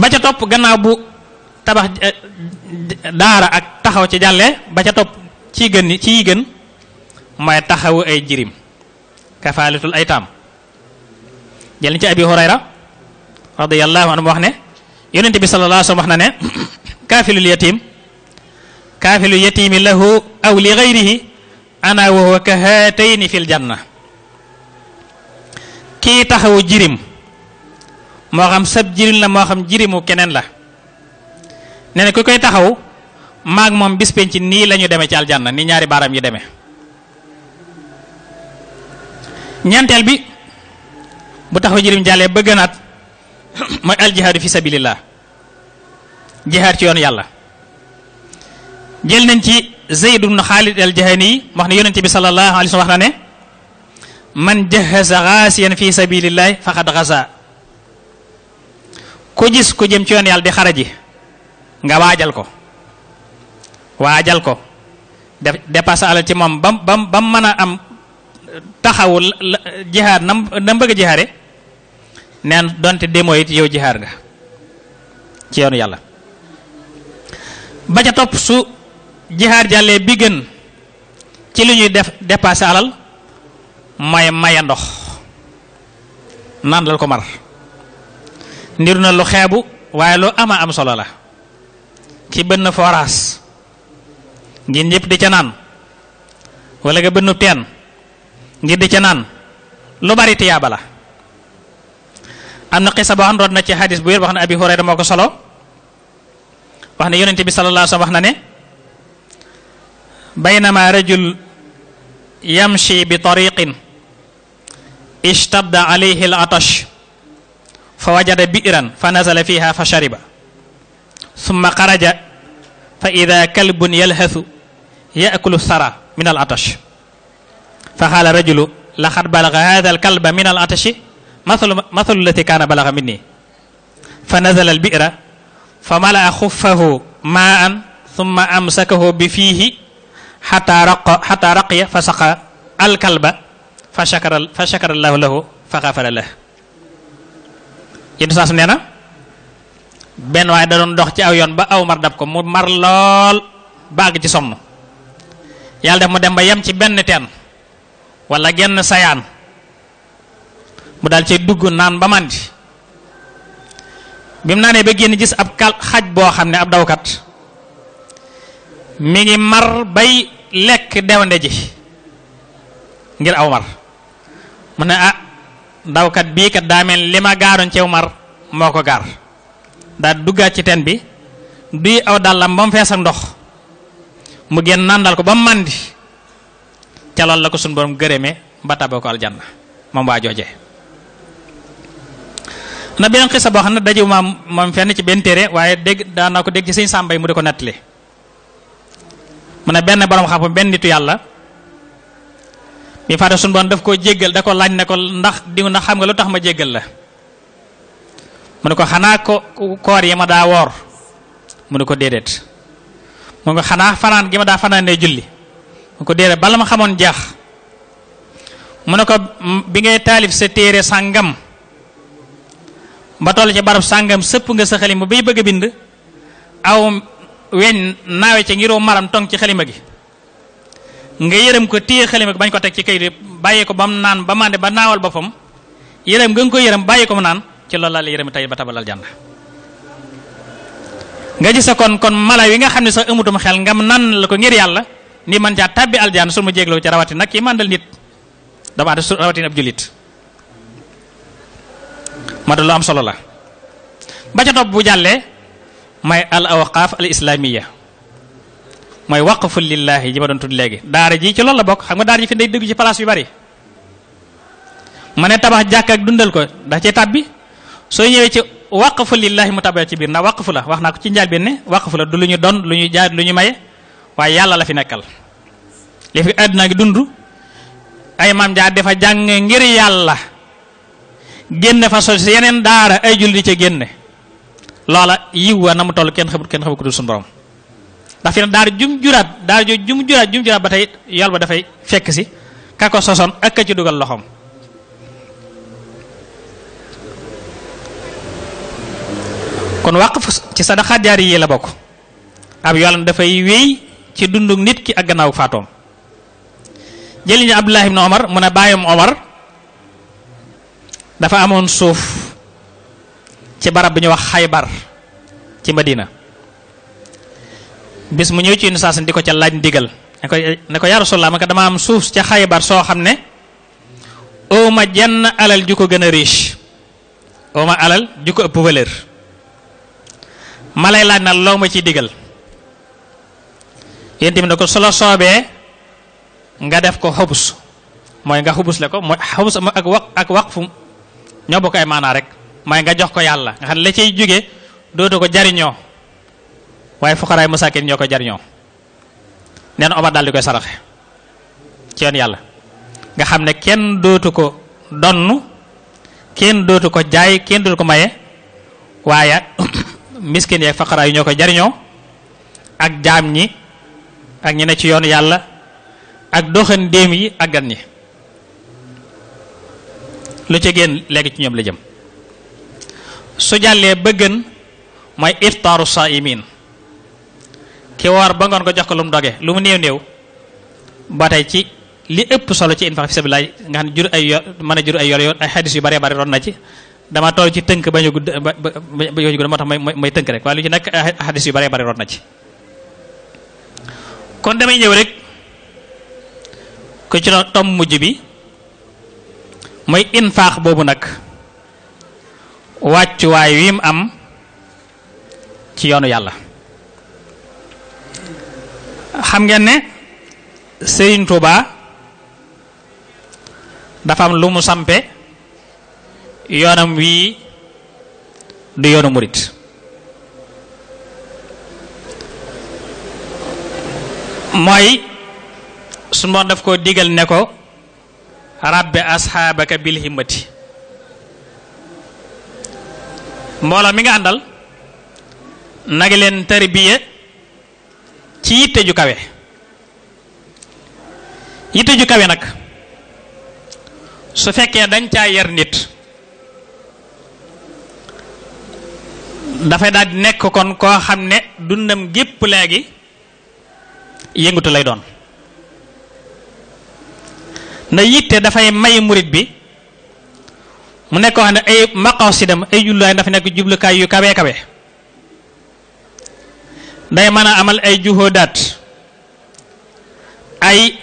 ba topp gannaaw bu tabax eh, daara ak taxaw ci jàlle ba ca topp ci gën ni ci gën mooy taxawu ay jirim kafaalatul aytaam jël ci abi hurayra radiyallahu anhu wax ne yonent bi sallallahu alayhi wax na ne kaafilul yatim kaafilul yatimi lahu aw li ghayrihi ana wa huwa kahaatayni fil janna kii taxawu jirim moo xam sab jirim la moo xam jirimu keneen la nee na ku koy taxaw maag moom bis penc nii lañu ñu demee ci aljanna ni ñaari baaram yi deme ñeenteel bi bu taxaw jirim jàllee bëgg naat mooy aljihaadu fi sabilillah jihaad ci yoon yàlla jël nañ ci Zayd ibn Xaalid al Jahani wax ne yonent bi sallallahu alayhi wa wax na ne man jahaza gaasiyan fi sabilillahi faqad gaza ku gis ku jëm ci yoon yàlla di xaraji ji nga waajal ko waajal ko def dépassé alal ci moom bam bam bam mën a am taxawu jihaar nam nam bëgg a jihaare neen donte demoo it yow jihaar nga ci yoonu yàlla ba ca topp su jihaar jàllee bi gën ci li ñuy def dépassé alal mooy maye ndox naan lal ko mar ndir na lu xeebu waaye lu ama am solo la ki bënn foraas ngir ñëpp di ca naan wala nga bënnu teen ngir di ca naan lu bari tiyaaba la am na xisa boo xam na ci xadis bu wér wax na abi hurayra moo ko solo wax ne yonente bi sallallahu alayhi wax na ne baynama rajul yamshi bi tariqin ishtadda alayhi atash fa wajada bi'ran fa nazala fiha fa shariba summa xaraja fa ida kalbun yalhasu yaakulu sara min al atash fa xaala rajulu laxad balaga hada al kalba min al atashi mathalu mathalu lati kaana balaga minni fa nazala al bi'ra fa malaa xuffahu maan summa amsakahu bi fiihi xataa raqa xataa raqiya fa saqa al kalba fa shakara fa shakara allahu lahu fa xafara lahu yenn saa su nee na benn waaye da doon dox ci aw yoon ba aw mar dab ko mu mar lool baag ci sonn yàlla def mu dem ba yem ci benn teen wala genn sayaan mu dal ci dugg naan ba màndi bi mu naanee ba génn gis ab kal xaj boo xam ne ab dawkat mi ngi mar bay lekk dewande ji ngir aw mar mu ne ah dawkat bii kat daa mel li ma gaaroon cew mar moo ko gaar daal duggaat ci teen bi duy aw dàllam ba mu fees ndox mu génn nàndal ko ba mu màndi ca la ko suñ borom gërëme ba taboo ko aljanna moom waa na benn xisa boo xam ne dajewu ma moom fenn ci benn téere waaye dégg daanaa ko dégg ci sëñ sàmbay mu di ko nettali mu ne benn borom xam benn nitu yàlla bi mu faatee suñu daf koo jéggal da ko laaj na ko ndax diw na xam nga lu tax ma jéggal la mu ne ko xanaa ko koor yi ma daa woor mu ne ko déedéet mu ne ko xanaa fanaan gi ma daa fanaanee julli mu ko déedéet bala ma xamoon jax mu ne ko bi ngay taalif sa téere sàngam ba toll ci barab sàngam sëpp nga sa xalima bay bëgg a bind aw weñ naawe ca ngiroo maram tong ci xalima gi nga yërëm ko téye xalima bañ ko teg ci kay bàyyi ko ba mu naan ba mande ba naawal boppam yërëm nga nga ko yërëm bàyyee ko mu naan ci loolu laa la yërëm tey ba tabalal jànn nga gis kon kon mala yi nga xam ne sax amutum xel ngam nan la ko ngir yàlla ni man caa tabbi aljaan su ma jégloo ci rawati nag ki mandal nit dama ata rawatin ab jullit ma da am solo la ba ca topp bu jàllee may al awqaaf al islaamiya mooy waqful lillaahi ji ma doon tudd léegi daara ji ci loolu la bokk xam nga daara ji fi day dugg ci place yu bari ma ne tabax jàkk ak dundal ko da cee bi soo ñëwee ci waqfu lillaahi mu tabee ci biir ndax waqfu la wax naa ko ci njaal bi ne waqfu la du lu ñu doon lu ñu jaar lu ñu maye waaye yàlla la fi nekkal li fi àdduna gi dund ay maam jaar dafa jàng ngir yàlla génne fa sos yeneen daara ay julli di ca génne loola yiw wa na mu toll kenn kenn xamut ko dul suñu ndax fi ne daara jum juraat jum juraat ba tey yàlla ba dafay fekk si ka ko sosoon ak ka ci dugal loxoom kon waqf ci sadaxaat jaari yi la bokk ab yoolam dafay wéy ci dundu nit ki ak gannaaw faatoom jëli ñu Abdullah ibn Omar mu ne bàyyam Omar dafa amoon suuf ci barab bi ñu wax xaybar ci Madina bis mu ñëw ci yenn saa di ko ca laaj ndigal ne ko ne ko yaa Rasulullah ma ko dama am suuf ca Xaybar soo xam ne oo ma jenn alal ju ko gën a riche oo ma alal ju ko ëpp valeur ma lay laaj na loo ma ciy digal yéen tamit ne ko su la soobee nga def ko xobus mooy nga xabus la ko mooy xobus ak waq ak waqfu ñoo bokk ay maanaa rek mooy nga jox ko yàlla nga xam la cay jóge dootu ko jariñoo waaye fuqaraay masaakin ñoo ko jariñoo nee na Omar koy saraxe ci yoon yàlla nga xam ne kenn dootu ko donn kenn dootu ko jaay kenn dootu ko maye waaye miskin yeeg faqara ñoo ko jariñoo ak jaam ñi ak ñi ne ci yoon yàlla ak doxandéem yi ak gan ñi lu ci génn léegi ci ñoom la jëm su jàllee ba gën mooy iftaaru saaimin ki woor ba ngoon ko jox ko lu mu doge lu mu néew néew ba tey ci li ëpp solo ci infaq fi sabilillah nga xam jur ay yo- mën a jur ay yor yor xadis yu bare bare ron na ci dama toll ci tënk bañu gudd ba bañu gudd moo tax may may tënk yu bare bare ron na kon damay ñëw rek ku ci doon tom mujj bi mooy infaax boobu nag wàccuwaay wi mu am ci yoonu yàlla xam ngeen ne Serigne Touba dafa am lu mu sampe yoonam wi du yoonu murit mooy su moom def ko digal ne ko rabbe asxaabaka bil himmati mbooloo mi nga àndal nag leen tarbiya ci yitte ju kawe yitte ju kawe nag su fekkee dañ caa yar nit dafay daal di nekk kon koo xam ne dundam gépp léegi yëngutu lay doon na yitte dafay may murit bi mu nekk koo xam ne ay maqasidam ay julluwaay dafa nekk jublukaay yu kawe kawe day mën a amal ay juhóodaat ay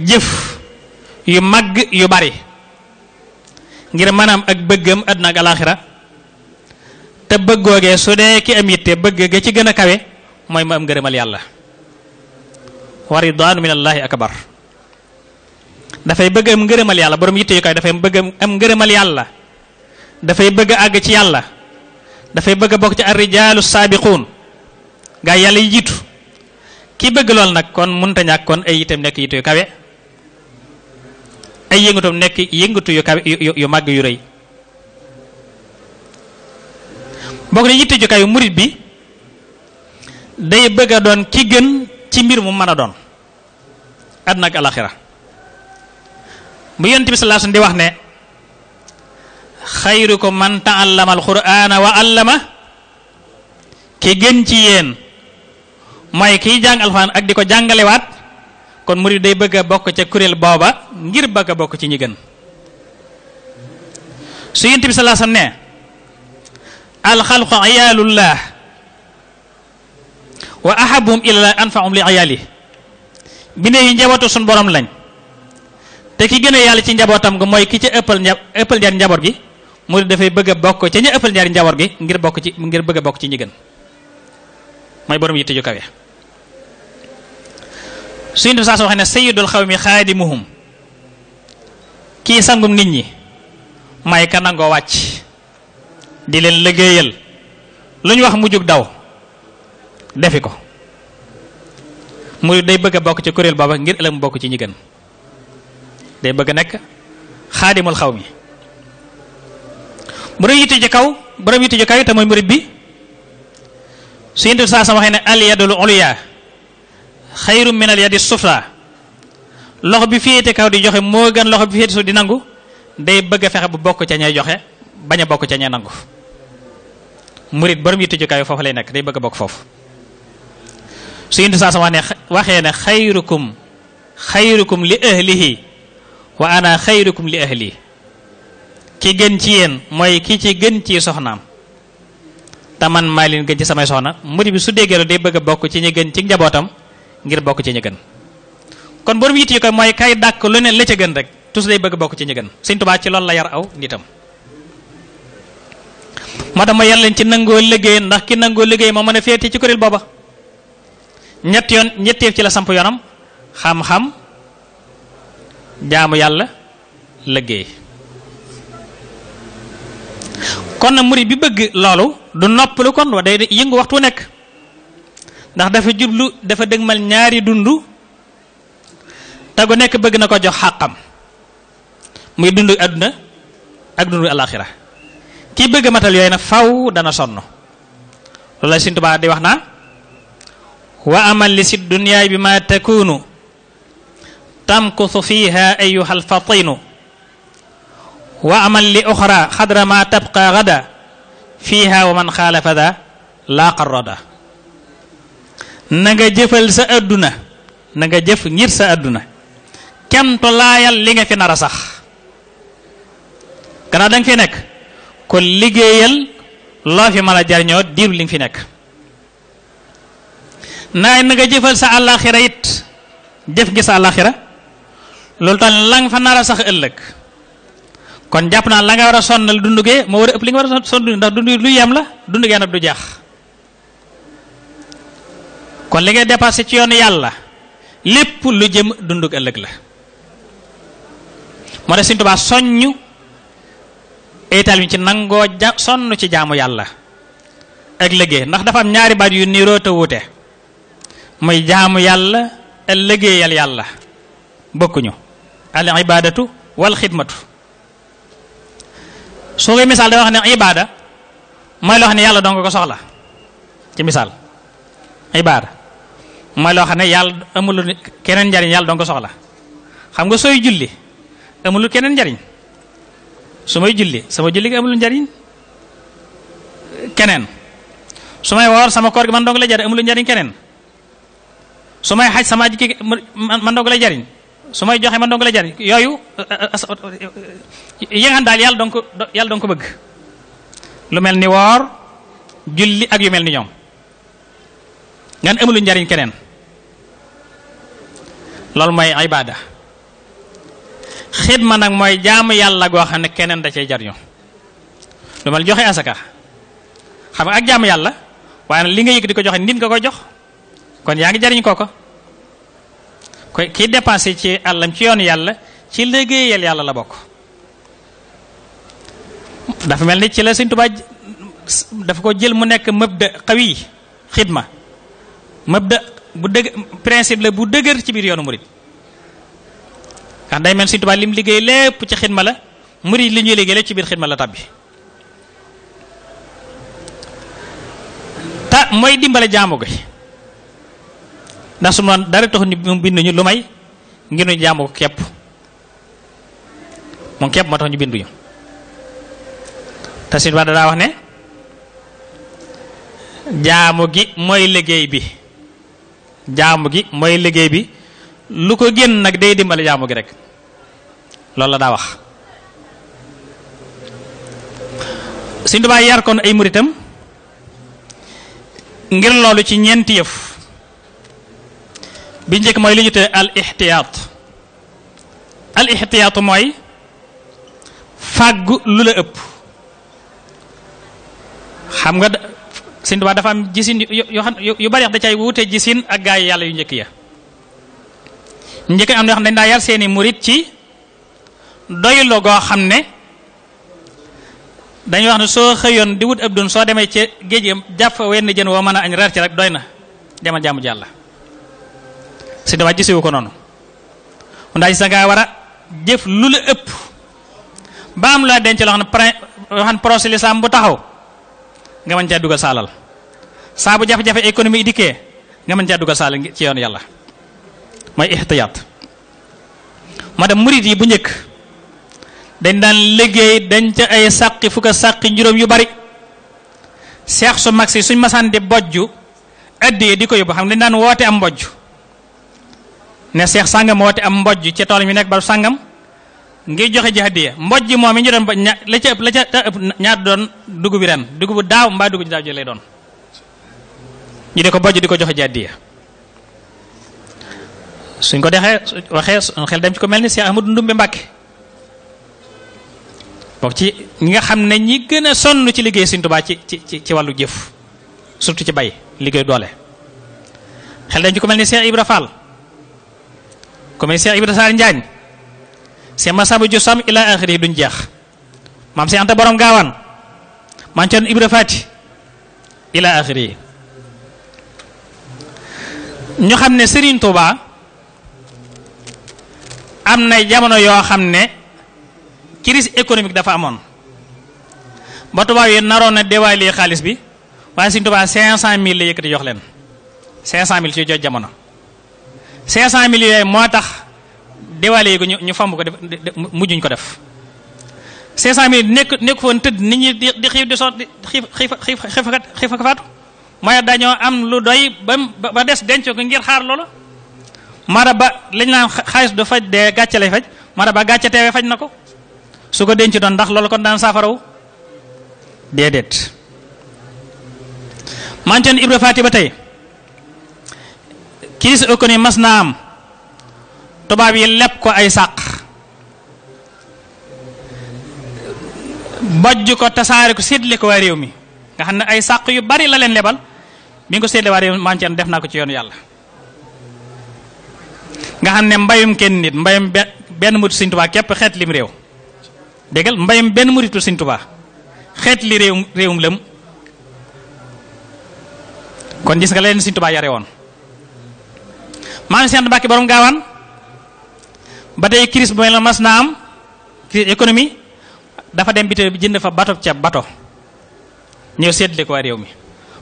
jëf yu màgg yu bari ngir maanaam ak bëggam àdduna ak alaaxira te bëggoogee su dee ki am yitte bëgg ga ci gën a kawe mooy ma am ngërëmal yàlla wa ridwaanu minallaahi akbar dafay bëgg am ngërëmal yàlla borom yitte yu kawe dafay bëgg am àgg ci yàlla dafay bëgg bokk ci ar rijaalu saabiquun gaa yàlla yi jiitu ki bëgg lool nag kon mënta ñàkk kon ay itam nekk yitu yu kawe ay yëngutam nekk yëngatu yu kawe yu màgg yu rëy bokk na yitte ju kawe murit bi day bëgg doon ki gën ci mbir mu mën a doon àddina ak alaxira bu yonent bi sallallahu alayhi wasallam di wax ne xayrukum man ta'allama alqur'ana wa allama ki gën ci yéen mooy kiy jàng alxuraan ak di ko jàngalewaat kon murid day bëgg a bokk ca kuréel booba ngir bëgg a bokk ci ñi gën su yent bi sallallahu alayhi wasallam ne alxalqu ayaalullah wa ahabuhum ilallah anfaum li ayaali bi ne yi njabootu suñ borom lañ te ki gën a yàlla ci njabootam nga mooy ki ca ëppal nja ëppal njaboot gi murid dafay bëgg a bokk ca ña ëppal njaari njaboot gi ngir bokk ci ngir bëgg bokk ci ñi gën mooy borom yitte ju kawe suñu def saa soo xam ne sayyidul xawmi xaadimuhum kii sangum nit ñi may ka nangoo wàcc di leen liggéeyal lu ñu wax mu daw defi ko mu day bëgg bokk ci kuréel booba ngir ëllëg bokk ci ñi gën day bëgg nekk xaadimul xaw mi borom yitte ci kaw borom yitte ci kaw te mooy murid bi su yëntu saa sama waxee ne al yadul ulya xayru minal yadi sufla loxo bi féete kaw di joxe moo gën loxo bi féete suuf di nangu day bëgg fexe bu bokk ca ñay joxe bañ bokk ca ñay nangu murit borom yi tëjukaayu foofu lay nekk day bëgg bokk foofu su indi saa sama ne waxee ne xayrukum xayrukum li ahlihi wa ana xayrukum li ahli ki gën ci yéen mooy ki ci gën ci soxnaam te maa leen gën ci samay soxna murit bi su déggee day bëgg bokk ci ñi gën ci njabootam ngir bokk ci ñi gën kon borom yitte yi ko mooy kay dàkk lu ne la rek tous day bëgg bokk ci ñi gën Sëñ Tuubaa ci loolu la yar aw nitam moo tax ma yar leen ci nangoo liggéey ndax nangoo liggéey moo a féete ci kuréel booba ñett ci la samp yoonam xam-xam yàlla liggéey kon na murid bi bëgg loolu du noppalu kon wa day yëngu waxtu nekk ndax dafa jublu dafa dëgg dëgmal ñaari dund te gu nekk bëgg na ko jox xàqam muy dund àdduna ak dund alaaxira kii bëgg matal yooyu nag faw dana sonn loolu la Sëriñ Tuubaa wax naa wa amal li si dunyaay bi ma takunu tamkusu fiha ayuha alfatinu wa amal li oxra xadra ma tabqa gada fiha wa man xaalafa laa qarrada na nga jëfal sa àdduna na nga jëf ngir sa àdduna kemtu laayal li nga fi nar a sax gannaaw da nga fi nekk kon liggéeyal loo fi mën a jariñoo diiru li nga fi nekk naa na nga jëfal sa àllaaxira it jëf gi sa àllaaxira loolu tax la fa nara sax ëllëg kon jàpp naa la nga war a sonnal dund gee moo war a ëpp li nga war a sonn dund ndax dund lu yem la dund gee nag du jaax kon li ngay ci yoonu yàlla lépp lu jëm dundug ëllëg la moo tax Sëriñ Tuubaa soññ éytal bi ci nangoo ja sonn ci jaamu yàlla ak liggéey ndax dafa ñaari baat yu niroo te wuute muy jaamu yàlla ak liggéeyal yàlla bokkuñu al ibadatu wal xidmatu soo koy misaal da wax ne ibada mooy loo xam ne yàlla dong ko soxla ci misaal ibada mooy loo xam ne yàlla amul keneen njariñ yàlla dong soxla xam nga sooy julli amul keneen njariñ su may julli sama julli gi amul njariñ keneen su may woor sama koor gi man dong la jariñ amul njariñ keneen su may xaj sama jikki man dong la jariñ su may joxe ma dong la jariñ yooyu yi daal yàlla dong ko ko bëgg lu mel ni woor julli ak yu mel ni ñoom ngan amul njariñ keneen loolu mooy ibaada xidma nag mooy jaamu yàlla goo xam ne keneen da cay jariñu lu mel joxe asaka xam nga ak jaamu yàlla waaye li nga yëg di ko joxe nit nga koy jox kon yaa ngi jariñ kooko koy kiy dépensé ci àllam ci yoon yàlla ci liggéeyal yàlla la bokk dafa mel ni ci la Sëñ Tuubaa dafa ko jël mu nekk mëbda xawi xidma mëbda bu dëgg principe la bu dëgër ci biir yoonu murid ndax day mel Sëriñ lim liggéey lépp ci xidma la murid li ñuy liggéey lépp ci biir xidma la tàbbi ta mooy dimbale jaamu gi ndax su ma dara taxu ni mu bind ñu lu may ngir ñu jaamu ko képp wax ne jaamu gi mooy liggéey bi jaamu gi mooy liggéey bi lu ko génn nag day dimbali jaamu gi rek loolu la daa wax Sëñ Tuubaa yar kon ay muritam ngir loolu ci ñeenti yëf bi njëkk mooy li ñu te al ixtiyaat al mooy fàggu lu la ëpp xam nga Sëñ Tuubaa dafa am gisin yu bari da cay wuute gisin ak gaa yi yàlla yu njëkk ya njëkk am na yoo xam ne daa yar seeni murit ci doylu goo xam ne dañuy wax ne soo xëyoon di wut ab dun soo demee ci géej gi jàpp wenn jën woo mën a añ reer ci rek doy na demal jaamu Yàlla Sëñ Tuubaa ko noonu ndaa ci ngaa war jëf lu la ëpp ba am laa denc loo xam ne projet lislaam bu taxaw nga mën caa dugal saa bu jafe-jafe économie dikkee nga mën caa dugal sa ci yoon yàlla mooy ixtiyaat ma dem murit yi bu njëkk dañ daan liggéey dañ ca ay sàqi fukk sàqi juróom yu bari seex su mag si suñ masaan di bojju addiyee di ko yóbbu xam dañ daan woote am mbojj ne seex sàngam woote am mbojj ci tool mi nekk ba sàngam ngir joxe ji hadiya mboj ji moom yi ñu doon ba ña la ca ëpp la ca ëpp ñaar doon dugub bi ren dugub bu daaw mbaa dugub ji daaw ji lay doon ñu di ko bojj di ko joxe ji hadiya suñ ko dexee waxee xel dem ci ko mel ni Cheikh Ahmadou Ndumbe ci ñi nga xam ne ñi gën a sonn ci liggéey Sëñ Tuubaa ci ci ci wàllu jëf surtout ci bay liggéey doole xel dem ko mel ni Cheikh Ibra Fall Njaañ si masamba ju sam ila axiri duñ jeex maam si anta borom gaawaan maam coon ibra faati ila axiri ñu xam ne Serigne Touba am na jamono yoo xam ne crise économique dafa amoon ba tubaab yi naroon na déwalee xaalis bi waaye Serigne Touba 500000 la yëkkati jox leen 500000 ci jot jamono 500000 yooyu moo tax. déwale yi ko ñu ñu famb ko def mujjuñ ko def 500000 nekk nekk foon tëdd nit ñi di di xiif di soot xiif xiif faatu mooy dañoo am lu doy ba ba des denc ko ngir xaar loola mara ba lañ naan xaalis du faj de gàcce faj mara ba gàcce teewee faj na ko su ko denc doon ndax loolu kon daan saafarawu déedéet manteen Ibra Faati ba tey crise économique mas naa am tubaab yi lépp ko ay sàq bojj ko tasaare ko séddale ko waa réew mi nga xam ne ay sàq yu bari la leen lebal bi nga ko séddale waa réew mi def naa ko ci yoonu yàlla nga xam ne mbayum kenn nit mbayum benn murit képp xeet lim mbayum benn muritu Sëñ Tuubaa xeet li réewum kon gis nga leen Sëñ woon maam Seex Mbàkke borom gaawaan ba tey crise bu mel na mas naa am crise économie dafa dem bi jënd fa bato ceeb bato ñëw seetli ko waa réew mi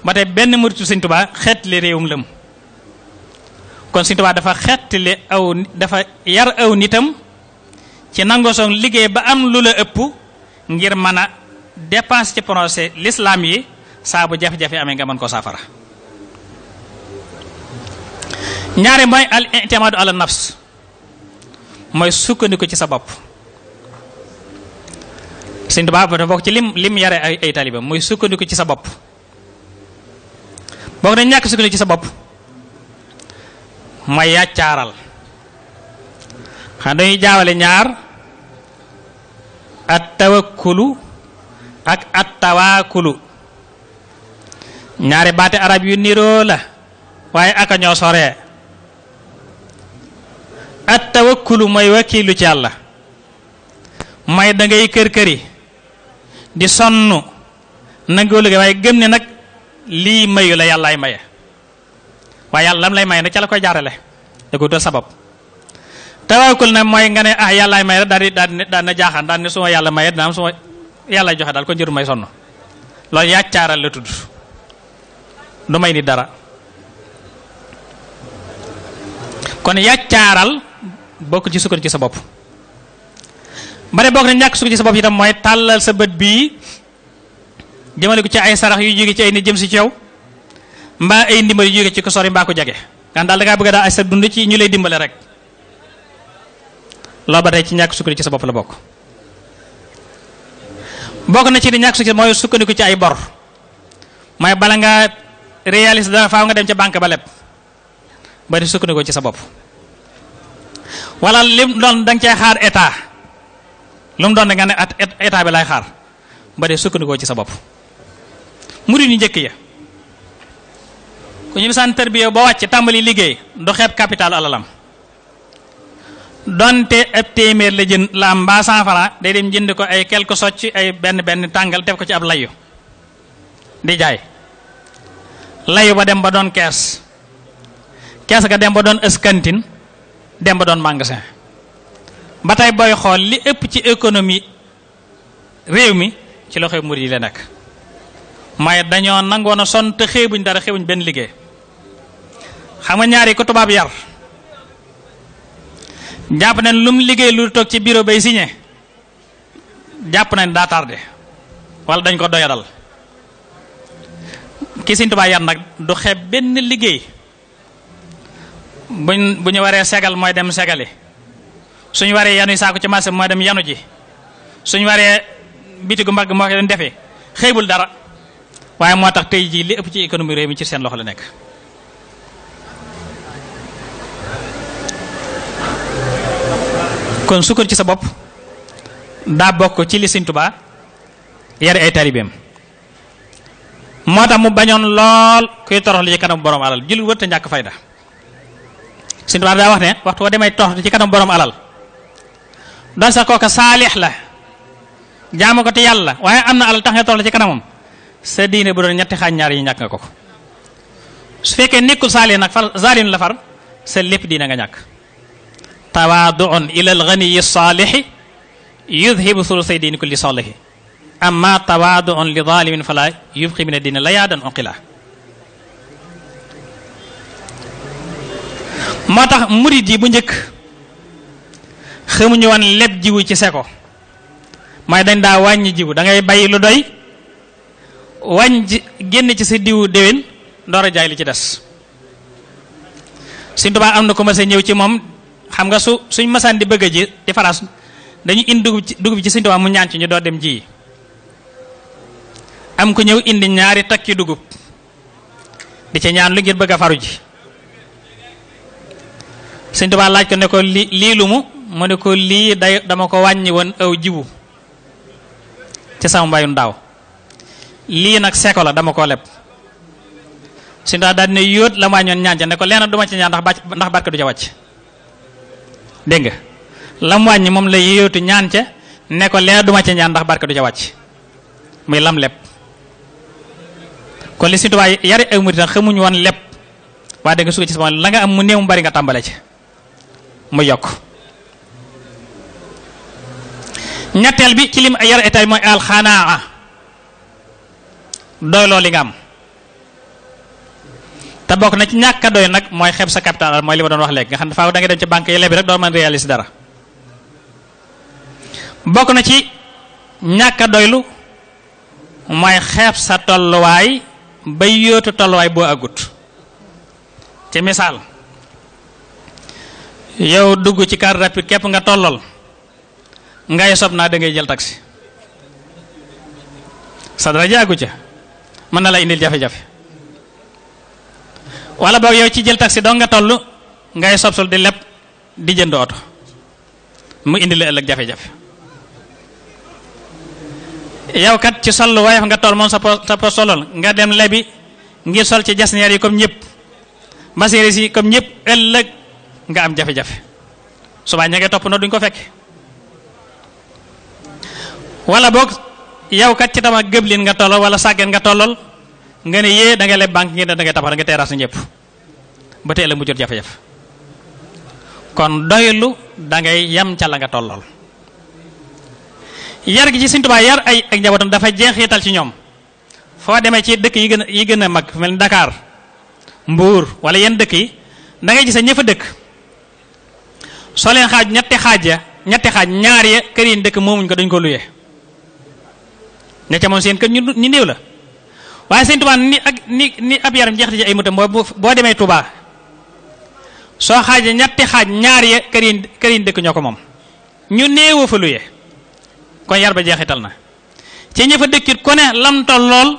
ba tey benn muritu Sëñ Tuubaa xeetli réewum lëm kon Sëñ Tuubaa dafa xeetli aw dafa yar aw nitam ci nangoo soog liggéey ba am lu la ëpp ngir mën a dépense ci projet lislaam yi saa bu jafe-jafe amee nga mën ko saafara ñaari mooy al i'timaadu ala nafs mooy sukkandiku ci sa bopp sëñ Tuubaa dafa bokk ci lim lim yare ay ay taaliba mooy sukkandiku ci sa bopp bokk na ñàkk ci sa bopp mooy yàccaaral xam dañuy jaawale ñaar at tawakkulu ak at tawaakulu ñaari baati arab yu niroo la waaye aka ñoo soree at tawakkulu mooy wakiilu ci yàlla mooy da ngay kër-këri di sonn nangoo liggéey waaye gëm ne nag lii mayu la yàllaay maye waaye yàlla lam lay maye nag ca la koy jaarale da ko doon sabab tawakkul na mooy nga ne ah yàllaay maye rek daal di daal na jaaxaan ma yàlla maye dina am su yàlla joxe daal ko njëru may sonn loolu yàccaaral la tudd du may ni dara kon yàccaaral bokkul ci sukkan ci sa bopp ba ne bokk na ñàkk sukkan ci sa bopp itam mooy tàllal sa bët bii jëmale ko ci ay sarax yu jóge ci ay jëm si ci yow mbaa ay ndimbal yu jóge ci ko sori mbaa ko jege nga da ngaa bëgg daal ay sa dund ci ñu lay dimbale rek loolu ba tey ci ñàkk sukkan ci sa bopp la bokk bokk na ci ni ñàkk sukkan mooy ci ay bor mooy bala nga réaliser dara faaw nga dem ca banque ba leb ba di sukkandiku ci sa bopp wala lim doon da nga xaar état lu doon da nga ne at état bi lay xaar ba dee sukkandikoo ci sa bopp. murid ñu njëkk ya ku ñu misaan tërbiye ba wàcc tàmbali liggéey du xeeb capital alalam donte ab téeméer la jën la am mbaa cent franc day dem jënd ko ay quelque socc ay benn benn tàngal def ko ci ab layu di jaay layu ba dem ba doon kees kees ga dem ba doon ëskantin dem ba doon magasin ba tey booy xool li ëpp ci économie réew mi ci loxoy murid yi la nekk mooy dañoo nangoon a sonn te xeebuñ dara xeebuñ benn liggéey xam nga ñaar ko tubaab yar jàpp nañ lum liggéey lu toog ci bureau bay signé jàpp nañ daa tardé wala dañ ko doyadal ki Sëñ Tuubaa yar nag du xeeb benn liggéey buñ bu ñu waree segal mooy dem segali suñu waree yanuy saako ci marché mooy dem yanu ji suñu waree bitigu mbagg moo ko doon defee xëybul dara waaye moo tax tey jii li ëpp ci économie réew mi ci seen loxo la nekk. kon sukkar ci sa bopp daa bokk ci li Sëñ Tuubaa yare ay taalibeem moo tax mu bañoon lool kuy torox li ci kanam borom alal jullit wër ñàkk fayda Sëñ Tuubaa daa wax ne waxtu wa demay toxtu ci kanam borom alal doon sax kooka saalix la ko te yàlla waaye am na alal tax nga toxtu ci kanamam sa diine bu ñetti xàññaar ñaar yi ñàkk nga ko su fekkee nekkul saalix nag far zaalin la sa lépp diine nga ñàkk tawaaduun ilal ganiyi saalixi yudhibu sulusay diini kulli saalixi amma tawaaduun li zaalimin fala yubqi min ad diine la yaadan unqila moo tax murit yi bu njëkk xamuñu woon leb jiwu ci seko mooy dañ daa wàññi jiwu da ngay bàyyi lu doy wàññ génn ci si diwu déwén door a jaay li ci des Sëñ Tuubaa am na ko mas a ñëw ci moom xam nga su suñ masaan di bëgg a ji di faras dañu indi dugub ci dugub ci Sëñ mu ñaan ci ñu doo dem ji am ko ñëw indi ñaari takki dugub di ci ñaan lu ngir bëgg a faru ji sëñ Tuubaa laaj ko ne ko li lii lu mu mu ne ko lii day dama ko wàññi woon aw jiwu ci sama mbayum daaw lii nag seko la dama koo leb daal ne yóot la mu wàññoon ñaan ca ne ko lenn du ndax bàcc ndax barke du nga lam wàññi moom la yóotu ñaan ca ne ko lenn ndax barke du ca lam leb kon li sëñ Tuubaa yare aw murit xamuñu woon leb waa dégg nga ci sama la nga am mu néew mu bari nga tàmbale ci mu yokk ñetteel bi ci lim ay yar état mooy alxanaa doyloo li nga am te bokk na ci ñàkk a nag mooy xeeb sa capital mooy li doon wax léegi nga xam ne faaw da ngay dem ci banque yi lebi rek doo mën réaliser dara bokk na ci ñàkk a doylu mooy xeeb sa tolluwaay ba yóotu tolluwaay boo agut ci misaal yow dugg ci car rapide képp nga tollool ngay sob naa dangay jël taxi sa dara jaagu ca mën na la indil jafe-jafe wala boog yow ci jël taxi doo nga toll ngay sob sul di leb di jënd oto mu indil la ëllëg jafe-jafe yow kat ci sol lu woyof nga toll moom sa po sa po solol nga dem lebi ngir sol ci jasneer yi comme ñëpp masiris yi comme ñëpp ëllëg nga am jafe-jafe subaa ña ngay topp na duñ ko fekk wala boog yow ci tam gëblin nga tollal wala sàggeen nga tollal nga ne yee da nga leb banque ngeen ne da tabax da nga teeraas ñëpp ba tey la mu jot jafe-jafe kon doylu da ngay yam ca nga tollal ci Sëñ Tuubaa ay ak njabootam dafa jeexital ci ñoom foo demee ci dëkk yi gën a yi gën mag mel ni Mbuur wala yenn dëkk yi da ngay gis ña fa dëkk soo leen xaaj ñetti xaaj ya ñetti xaaj ñaar ya kër yi dëkk moomuñ ko dañ ko luye ne ca moom seen kër ñu ñu néew la waaye sëñ Tuubaa ni ak ni ni ab yaram jeexte ci ay mutam boo boo demee Tuubaa soo xaajee ñetti xaaj ñaar ya kër yi kër yi dëkk ñoo ko moom ñu néewoo fa luye kon yar ba jeexital na ci ña fa dëkkit ku lam toll lool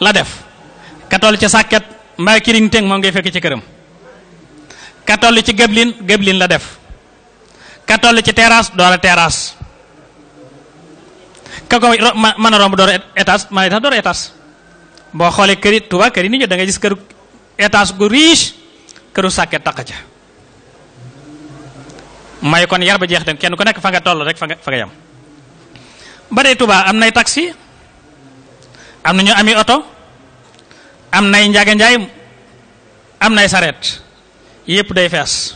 la def ka toll ca sàkket mbaa kiring tëng moom ngay fekk ci këram ka toll ci gëblin gëblin la def ka toll ci terrasse door a terrasse ka ko mën romb door a étage door a boo xoolee kër tubaa Tuubaa nit ñi da ngay gis këru étage gu riche këru sàkket taq ca may kon yar ba jeex dem kenn ku nekk fa nga toll rek fa nga fa nga yem ba dee Tuubaa am nay taxi am na ñu ami oto am nay njaaga njaay am nay sareet yëpp day fees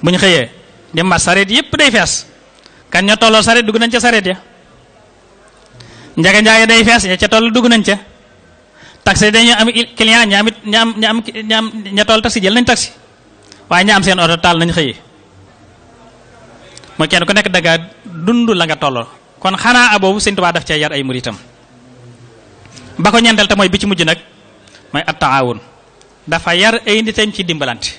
bu xëyee di mbat sareet yëpp day fees kan ña tolloo sareet dugg nañ ca sareet ya njaga njaay day fees ña ca toll dugg nañ ca taxi dañu am client ña am ña am ña am ña am ña toll taxi jël nañ taxi waaye ña am seen oto taal nañ xëyee mooy kenn ku nekk danga dund la nga tolloo kon xanaa aboobu Sëñ Tuubaa daf cee yar ay muritam ba ko ñeenteel te mooy bi ci mujj nag mooy at taawun dafa yar ay ci dimbalante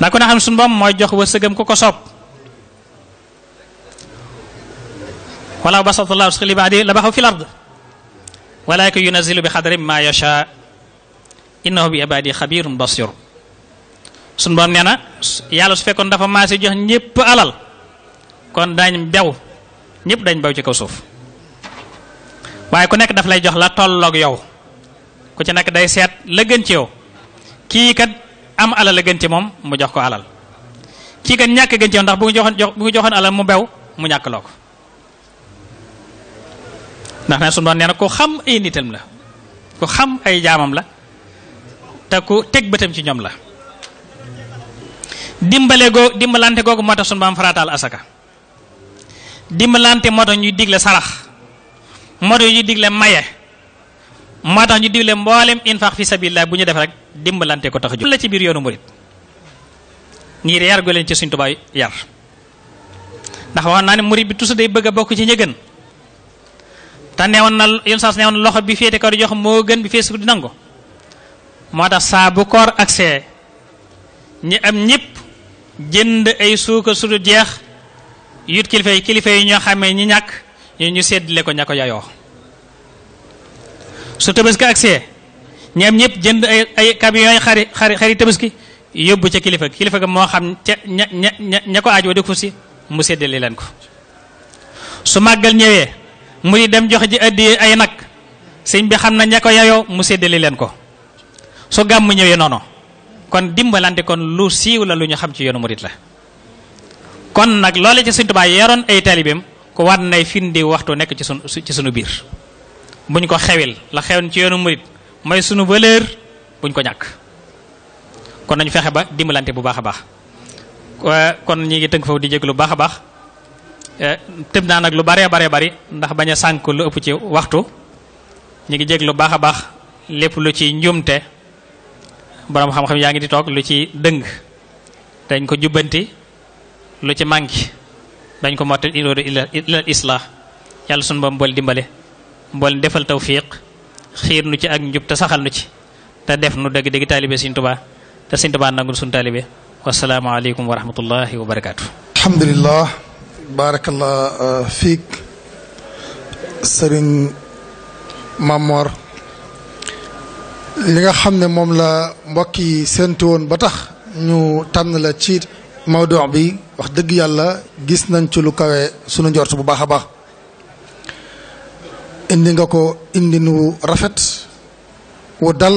na ko na xam suñu boom mooy jox wërsëgam ku ko soob wala basata llahu risqa li baadi la baxaw fi l ard walakin yunazilu bi xadarin ma yacha innahu bi ibadi xabirun basir suñu boom nee na yàlla su fekkoon dafa maase jox ñëpp alal kon dañ bew ñëpp dañ bew ci kaw suuf waaye ku nekk daf lay jox la tolloog yow ku ci nekk day seet la gën ci yow kii kat am alal la gën ci moom mu jox ko alal kii kat ñàkk gën ci yow ndax bu nga joxoon bu nga alal mu bew mu ñàkk loo ko ndax ne sunu doon ku xam ay nitam la ku xam ay jaamam la te ku teg bëtam ci ñoom la dimbale goo dimbalante googu moo tax sunu baam farataal asaka dimbalante moo tax ñuy digle sarax moo tax ñuy digle maye moo tax ñu digle mboolem infaq fi sabilillah bu ñu def rek dimbalante ko tax a jóg la ci biir yoonu murit ngir yar gu leen ci suñ tubaay yar ndax waxoon naa ne murit bi tusu day bëgg a bokk ci ñi gën te neewoon na yoon saas loxo bi féete jox moo gën bi feesu di nangu moo tax saa bu koor aksee ñu am ñëpp jënd ay suuka su du jeex yut kilifa yi kilifa yi ñoo xamee ñi ñàkk ñu ñu séddale ko ña ko yayoo su tabaski agsee ñoom ñëpp jënd ay ay camion yi xari xari xari tabaski yóbbu ca kilifa kilifa ga moo xam ca ña ña ña ko aajoo di ko si mu séddale leen ko su màggal ñëwee muy dem joxe ji addi ay nag sëñ bi xam na ña ko yayoo mu séddale leen ko su gàmm ñëwee noonu kon dimbalante kon lu siiw la lu ñu xam ci yoonu murit la kon nag loole ci Sëñ Tuubaa yaroon ay taalibeem ku war nay firnde waxtu nekk ci sunu ci sunu biir buñ ko xewil la xewoon ci yoonu murit mooy sunu valeur buñ ko ñàkk kon nañ fexe ba dimbalante bu baax a baax kon ñi ngi tënk foofu di jéglu lu baax a baax eh, tëb naa nag lu baree baree bari ndax bañ a sànk lu ëpp ci waxtu ñu ngi jéglu lu baax a baax lépp lu ci njuumte boroom xam-xam yaa ngi di toog lu ci dëng dañ ko jubbanti lu ci manqué dañ ko motta ilal islah yàlla sunu bam boole dimbale mboole defal tawfiq xiir nu ci ak njub te saxal nu ci te def nu dëgg dëgg taalibe Sëriñ Tuubaa te Sëriñ Tuubaa nangul suñu wassalaamu aleykum wa rahmatullahi wa barakaatu alhamdulillah baarakallah uh, fiik sëriñ Mamor li nga xam ne moom la mbokk yi séentu woon ba tax ñu tànn la ci mawduu bi wax dëgg yàlla gis nañ ci lu kawe sunu njort bu baax a baax indi nga ko indi nu rafet wu dal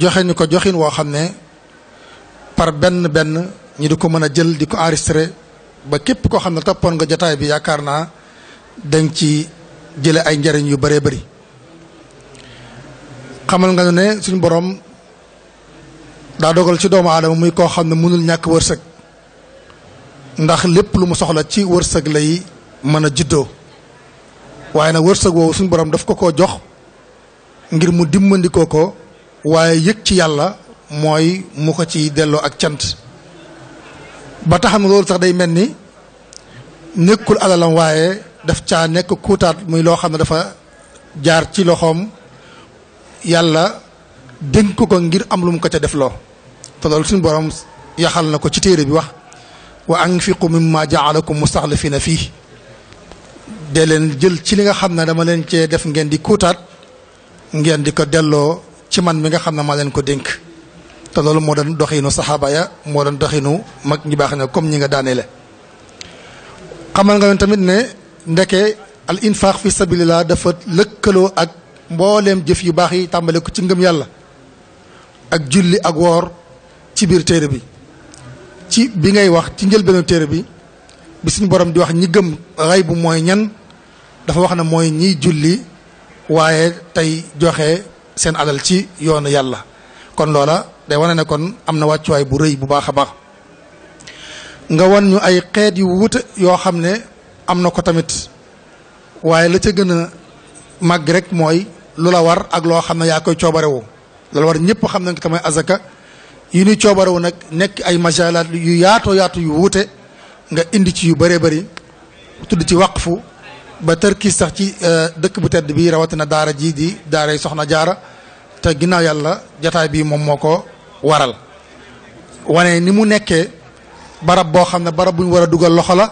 joxe ñu ko joxin woo xam ne par benn benn ñu di ko mën a jël di ko enregistré ba képp koo xam ne toppoon nga jotaay bi yaakaar naa dañ ci jële ay njariñ yu bëree bari xamal nga ne suñ borom daa dogal ci doomu aadama muy koo xam ne mënul ñàkk wërsëg ndax lépp lu ma soxla ci wërsëg lay mën a juddoo waaye nag wërsëg woowu suñ borom daf ko koo jox ngir mu dimmandikoo ko waaye yëg ci yàlla mooy mu ko ci delloo ak cant ba tax na loolu sax day mel ni nekkul alalam waaye daf caa nekk kuutaat muy loo xam ne dafa jaar ci loxoom yàlla dénk ko ngir am lu mu ko ca def loo te loolu suñu borom yaxal na ko ci téere bi wax waa wa anfiqu saxla jaalakum na fii de leen jël ci li nga xam ne dama leen cee def ngeen di kuutaat ngeen di ko delloo ci man mi nga xam ne ma leen ko dénk te loolu moo doon doxinu saxaaba ya moo doon doxinu mag ñi baax na comme ñi nga daaneele xamal nga yoon tamit ne ndeke al infaq fi sabilillah dafa lëkkaloo ak mbooleem jëf yu baax yi tàmbale ko ci ngëm yàlla ak julli ak woor ci biir téere bi ci bi ngay wax ci njëlbeenu téere bi bi suñu borom di wax ñi gëm rey bu mooy ñan dafa wax ne mooy ñiy julli waaye tey joxe seen alal ci yoonu yàlla kon loola day wane ne kon am na wàccuwaay bu rëy bu baax a baax nga wan ñu ay xeet yu wute yoo xam ne am na ko tamit waaye la ca gën a màgg rek mooy lu la war ak loo xam ne yaa koy coobarewu loolu war ñëpp xam nañ ko tamit azaka yu ñuy coobarewu nag nekk ay majalaat yu yaatoo yaatu yu wute nga indi ci yu bëree bëri tudd ci waqfu ba tërkis sax ci euh, dëkk bu tedd bi rawatina daara jii di daara yi soxna jaara te ginnaaw yàlla jataay bii moom moo ko waral wane ni mu nekkee barab boo xam ne barab buñ ñu war a dugal loxo la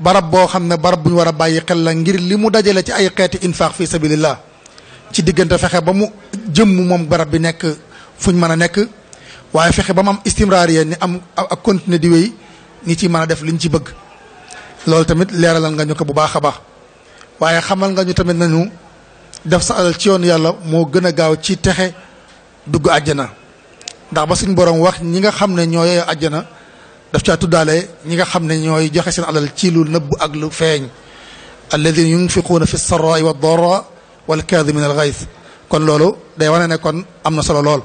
barab boo xam ne barab bu ñu war a bàyyi xel la ngir li mu dajale ci ay xeeti infaq fi sabilillah ci diggante fexe ba mu jëmm moom barab bi nekk fuñ ñu mën a nekk waaye fexe ba mu am istimraar ni am ak continuer di wéy ñi ci mën a def liñ ci bëgg loolu tamit leeralal nga ñu ko bu baax a baax waaye xamal nga ñu tamit nañu def sa alal ci yoon yàlla moo gën a gaaw ci texe dugg àjjana ndax ba suñ borom wax ñi nga xam ne ñooy àjjana daf caa tuddaale ñi nga xam ne ñooy joxe seen alal ci lu nëbb ak lu feeñ alladina yunfiquuna fi sarai wa dara walkaadimina alxays kon loolu day wane ne kon am na solo lool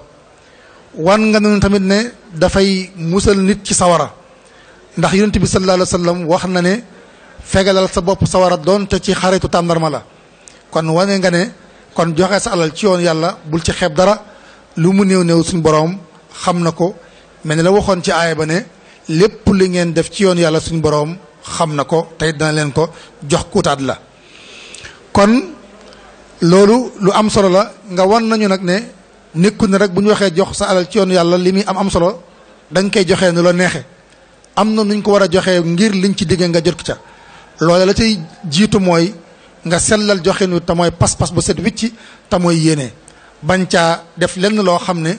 wan nga nunu tamit ne dafay musal nit ci sawara ndax yonent bi sallallahu alayhi wa sallam wax na ne fegalal sa bopp doon doonte ci xaritu tàndarma la kon wane nga ne kon joxe sa alal ci yoon yàlla bul ci xeeb dara lu mu néew néew suñu boroom xam na ko mel ni la waxoon ci aaya ba ne lépp li ngeen def ci yoon yàlla suñu boroom xam na ko tey dana leen ko jox kuutaat la kon loolu lu am solo la nga wan nañu nag ne nekkul ne rek bu ñu waxee jox sa alal ci yoon yàlla li muy am am solo danga nga koy joxee nu loo neexe am na nuñ ko war a joxee ngir liñ ci diggee nga jot ca loola la cay jiitu mooy nga sellal joxe nu te mooy pas-pas bu set wicc te mooy yéene bañ caa def lenn loo xam ne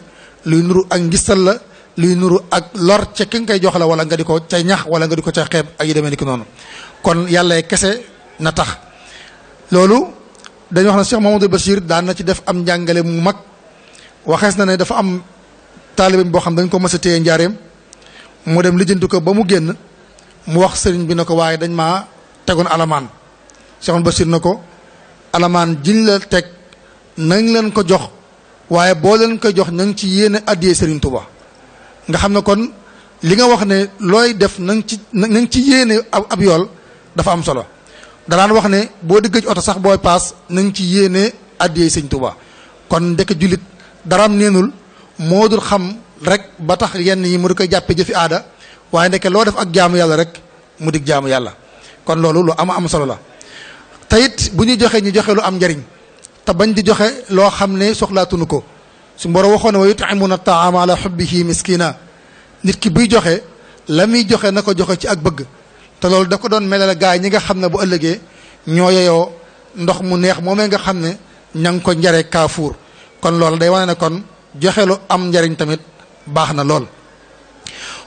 luy nuru ak ngistal la luy nuru ak lor ca ki koy jox la wala nga di ko ca ñax wala nga di ko ca xeeb ak yi demee ni ki noonu kon yàlla kese na tax loolu dañu wax ne Cheikh Mamadou Bachir daan na ci def am njàngale mu mag waxees na ne dafa am taalibe boo xam dañ ko mës a téye njaareem moo dem lijjanti ko ba mu génn mu wax sëriñ bi na ko waaye dañ maa tegoon alamaan ba Bachir na ko alamaan jiñ la teg nañ leen ko jox waaye boo leen ko jox na nga ci yéene addiyee sëriñ Touba nga xam ne kon li nga wax ne looy def na ci na nga ci yéene ab yool dafa am solo danaan wax ne boo di gëj oto sax booy paas na nga ci yéene addiyee sëriñ Touba kon ndekk jullit daraam neenul moo dul xam rek ba tax yenn yi mu di koy jàppee jëfi aada waaye ndeke loo def ak jaamu yàlla rek mu dig jaamu yàlla kon loolu lu am am solo la te it bu ñu joxe ñu joxe lu am njariñ te bañ di joxe loo xam ne soxlaatunu ko su mboro waxoon ne wa yut'imuna taama ala hubbihi miskina nit ki buy joxe la muy joxe na ko joxe ci ak bëgg te loolu da ko doon melale gaa yi ñi nga xam ne bu ëllëgee ñoo yeyoo ndox mu neex moomee nga xam ne ña ngi ko njare kaafuur kon loolu day wane ne kon joxe lu am njariñ tamit baax na lool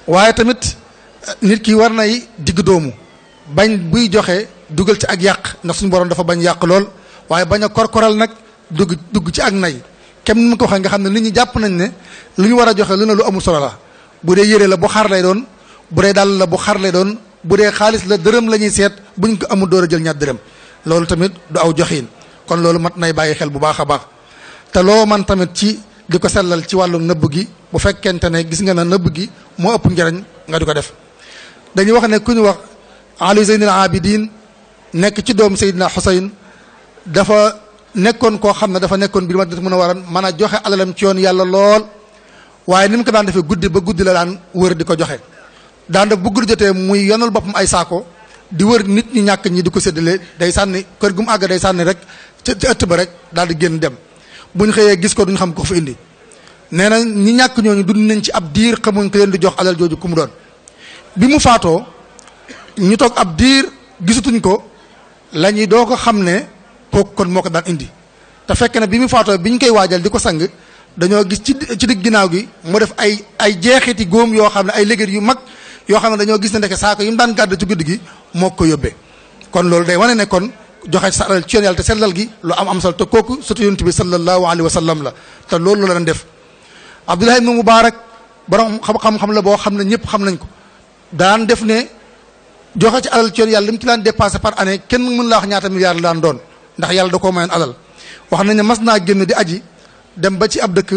waaye tamit eh, nit kii war nay digg doomu bañ buy joxe dugal ci ak yàq ndax suñu borom dafa bañ yàq lool waaye bañ a korkoral nag dugg dugg ci ak nay kenn nu ma ko waxee nga xam ne nit ñi jàpp nañ ne lu ñu war a joxe lu ne lu amul solo la bu dee yére la bu xar lay doon bu dee dàll la bu xar lay doon bu dee xaalis la dërëm lañuy seet buñ ko amul door a jël ñaar dërëm loolu tamit du aw joxiin kon loolu mat nay bàyyi xel bu baax a baax te loo man tamit ci di ko sellal ci wàllu nëbb gi bu fekkente ne gis nga na nëbb gi moo ëpp njariñ nga di ko def dañuy wax ne ku ñu wax ali zeynil abidin nekk ci doom Seydina Xuseyn dafa nekkoon koo xam ne dafa nekkoon biir Madinatul Munawwara mën a a joxe alalam ci yoon yàlla lool waaye ni mu ko daan defee guddi ba guddi la daan wër di ko joxe daan def bu guddi jotee muy yonal boppam ay saako di wër nit ñi ñàkk ñi di ko séddale day sànni kër gu mu àgg day sànni rek ci ëtt ba rek daal di génn dem ñu xëyee gis ko duñu xam ko fi indi nee na ñi ñàkk ñooñu dund nañ ci ab diir xamuñ ko leen di jox alal jooju ku mu doon bi mu faatoo ñu toog ab diir gisutuñ ko la ñuy doo ko xam ne kooku kon moo ko daan indi te fekk na bi mu faatoo bi ñu koy waajal di ko sang dañoo gis ci ci digg ginnaaw gi mu def ay ay jeexiti góom yoo xam ne ay légér yu mag yoo xam ne dañoo gis ne ndeke saako yi mu daan gàdd ci guddi gi moo ko yóbbee kon loolu day wane ne kon joxe sa alal ci gi lu am am solo te kooku surtout yonent bi sallallahu alayhi wa sallam la te loolu la doon def Abdullah ibn Mubarak borom xam-xam la boo xam ne ñëpp xam nañ ko daan def ne joxe ci alal ci yoon yàlla li mu ci daan dépensé par année kenn mën laa wax ñaata milliards daan doon ndax yàlla da koo mayoon alal wax nañ ne mas naa génn di aji dem ba ci ab dëkk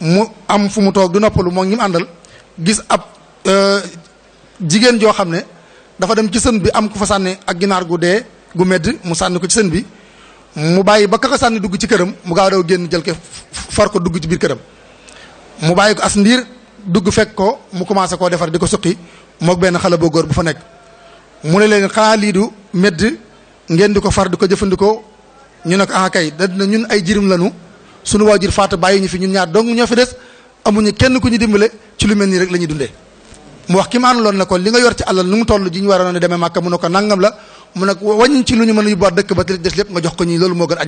mu am fu mu toog di noppalu moo ñi àndal gis ab euh, jigéen joo xam ne dafa dem ci sën bi am ku fa sànni ak ginaar gu dee. gu medd mu sànni ko ci sën bi mu bàyyi ba kaka sànni dugg ci këram mu gaaw daw génn jël ko far ko dugg ci biir këram mu bàyyi ko as ndiir dugg fekk ko mu commencé koo defar di ko suqi moog benn xale boo góor bu fa nekk mu ne leen xanaa lii du medd ngeen di ko far di ko jëfandikoo ñu ne ko ah kay da dina ñun ay jirim lanu sunu waajur faatu bàyyi ñu fi ñun ñaar dong ñoo fi des amuñu kenn ku ñu dimbale ci lu mel nii rek la ñuy dundee mu wax ki maanu loon ne ko li yor ci nu mu toll ji ñu waroon a demee màkka ko nangam la mu nag wañ ci lu ñu mën a yóbbuwaat dëkk ba te des lépp nga jox ko ñi loolu moo gën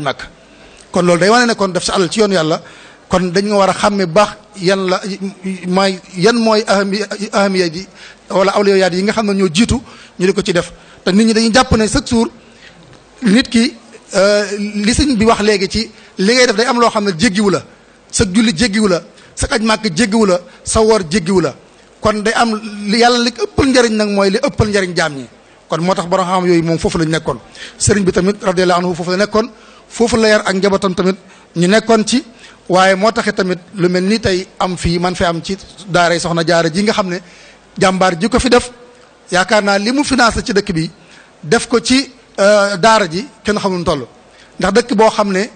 kon loolu day wane ne kon def sa alal ci yoon yàlla kon dañ dañu war a xàmme baax yan la mooy yan mooy ahami ahamiya di wala awliyaat yi nga xam ne ñoo jiitu ñu di ko ci def te nit ñi dañuy jàpp ne chaque jour nit ki euh, li sëñ bi wax léegi ci li ngay def day am loo xam ne jéggiwu la sa julli jéggiwu la sa aj màkk jéggiwu la sa woor jéggiwu la kon day am yàlla li ëppal njariñ nag mooy li ëppal njariñ jaam yi kon moo tax borom xam yooyu moom foofu lañu ñu nekkoon sëriñ bi tamit radiyallahu anhu foofu la nekkoon foofu la yar ak njabootam tamit ñu nekkoon ci waaye moo taxit tamit lu mel ni tey am fii man fi am ci daara daaray soxna jaara ji nga xam ne jàmbaar ji ko fi def yaakaar naa li mu finance ci dëkk bi def ko ci euh, daara ji kenn xamul toll ndax dëkk boo xam ne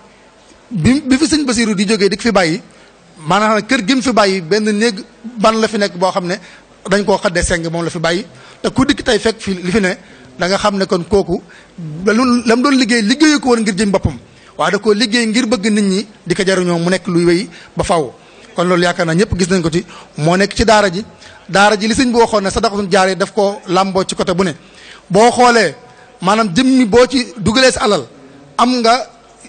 bi bi fi sëñ Basiru di jógee di fi bàyyi maanaam kër gi fi bàyyi benn néeg ban la fi nekk boo xam ne dañ koo xaddee seng moom la fi bàyyi te ku dikk tey fekk fi li fi ne da nga xam ne kon kooku la mu doon liggéey liggéeyu ko woon ngir jëm boppam waaye da koo liggéey ngir bëgg nit ñi di ko jariñoo mu nekk luy wéy ba faw kon loolu yaakaar naa ñëpp gis nañ ko ci moo nekk ci daara ji daara ji li sëñ boo waxoon ne sadaqatun jaariya def koo làmboo ci côté bu ne boo xoolee maanaam jëmmi boo ci dugalee sa alal am nga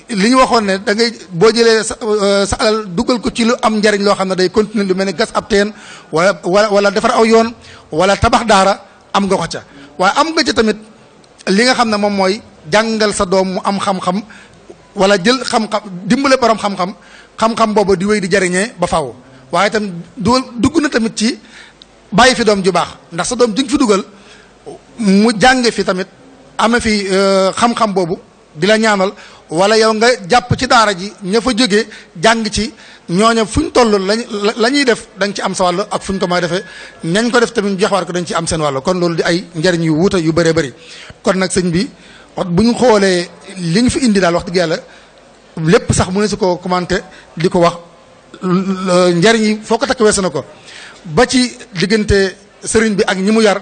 li ñu waxoon ne da ngay boo jëlee sa euh, sa alal dugal ko ci lu am njariñ loo xam ne day continuer lu mel ni gas ab teen wala wala wala defar aw yoon wala tabax daara am nga ko ca waaye am nga ca tamit li nga xam ne moom mooy jàngal sa doom mu am xam-xam wala jël xam dimbale borom xam-xam xam boobu di wéy di jariñee ba faw waaye itam dugal dugg na tamit ci bàyyi fi doom ju baax ndax sa doom ji nga fi dugal mu jànge fi tamit ame fi euh, xam-xam boobu di la ñaanal wala yow nga jàpp ci daara ji ña jóge jàng ci ñooña fuñ toll lañ la ñuy def dañ ci am sa wàll ak fuñ ko may defee nañ ko def tamit jeexwaat ko dañ ci am seen wàll kon loolu di ay njariñ yu wuute yu bëree bëri. kon nag sëñ bi wax bu ñu xoolee li fi indi daal wax yàlla lépp sax mu ne si ko commenté di ko wax njariñ yi foo ko takk weesu ko ba ci diggante sëriñ bi ak ñi mu yar